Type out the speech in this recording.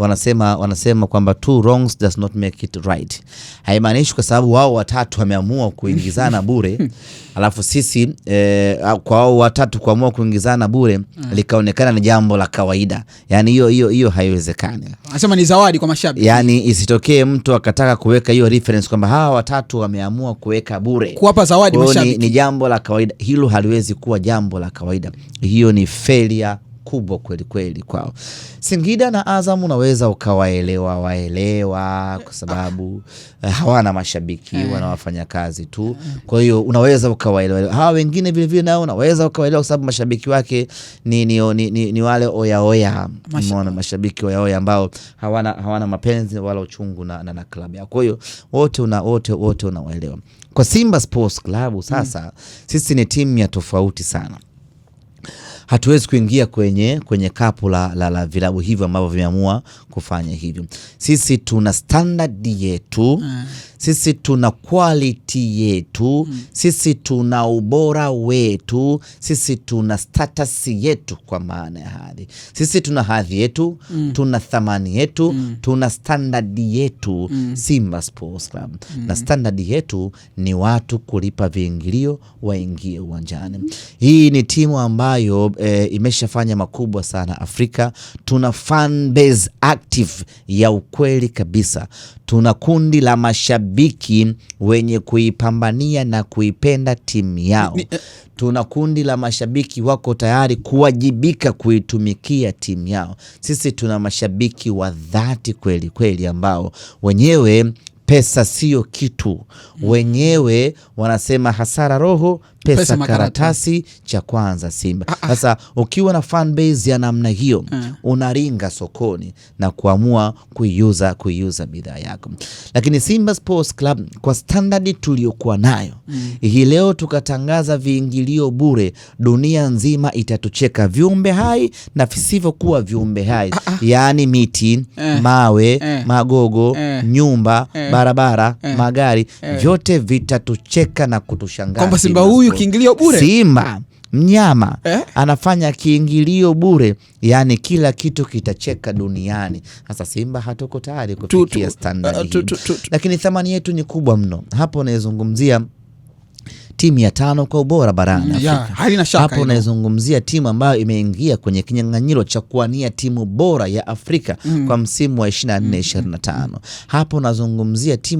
wanasema, wanasema kwamba two wrongs does not make it right. Haimaanishi kwa sababu wao watatu wameamua kuingizana bure alafu sisi eh, kwa wao watatu kuamua kuingizana bure mm. likaonekana ni jambo la kawaida, yani hiyo hiyo hiyo haiwezekani. Anasema ni zawadi kwa mashabiki, yani isitokee mtu akataka kuweka hiyo reference kwamba hawa watatu wameamua kuweka bure kuwapa zawadi mashabiki. Ni, ni jambo la kawaida hilo, haliwezi kuwa jambo la kawaida. Hiyo ni failure kubwa kweli kweli kwao. Singida na Azam unaweza ukawaelewa waelewa, kwa sababu eh, hawana mashabiki eh. wanawafanya kazi tu, eh. kwa hiyo unaweza ukawaelewa. Hawa wengine vilevile nao unaweza ukawaelewa, kwa sababu mashabiki wake ni, ni, ni, ni, ni wale oyaoya mona mashabiki oyaoya ambao hawana, hawana mapenzi wala uchungu na, na, na klabu yao, kwa hiyo wote una, wote wote unawaelewa. Kwa Simba Sports Club sasa, mm, sisi ni timu ya tofauti sana hatuwezi kuingia kwenye, kwenye kapu la, la, la vilabu hivyo ambavyo vimeamua kufanya hivyo. Sisi tuna standard yetu mm. Sisi tuna quality yetu mm. Sisi tuna ubora wetu, sisi tuna status yetu kwa maana ya hadhi. Sisi tuna hadhi yetu mm. Tuna thamani yetu mm. Tuna standard yetu mm. Simba Sports Club mm. Na standard yetu ni watu kulipa viingilio waingie uwanjani. Hii ni timu ambayo ambayo e, imeshafanya makubwa sana Afrika. Tuna fan base active ya ukweli kabisa, tuna kundi la mashabiki wenye kuipambania na kuipenda timu yao ni, uh, tuna kundi la mashabiki wako tayari kuwajibika kuitumikia timu yao. Sisi tuna mashabiki wa dhati kweli kweli ambao wenyewe pesa sio kitu, mm. wenyewe wanasema hasara roho pesa, pesa cha kwanza Simba. Ah, ah. Sasa ukiwa na fan base ya namna hiyo eh. unaringa sokoni na kuamua kuiuza kuiuza bidhaa yako, lakini Simba Sports Club kwa standardi tuliyokuwa nayo mm. hii leo tukatangaza viingilio bure, dunia nzima itatucheka, viumbe hai na visivyokuwa viumbe hai ah, ah, yaani miti eh. mawe eh. magogo eh. nyumba eh. barabara eh. magari eh. vyote vitatucheka na kutushangaza kwamba Simba huyu kiingilio bure. Simba mnyama eh, anafanya kiingilio bure, yani kila kitu kitacheka duniani. Sasa Simba hatuko tayari kufikia standard uh, lakini thamani yetu ni kubwa mno. Hapo unaizungumzia timu ya tano kwa ubora barani mm, Afrika. Hapo unaizungumzia timu ambayo imeingia kwenye kinyang'anyiro cha kuania timu bora ya Afrika mm, kwa msimu wa 24 25. Mm. Hapo unazungumzia timu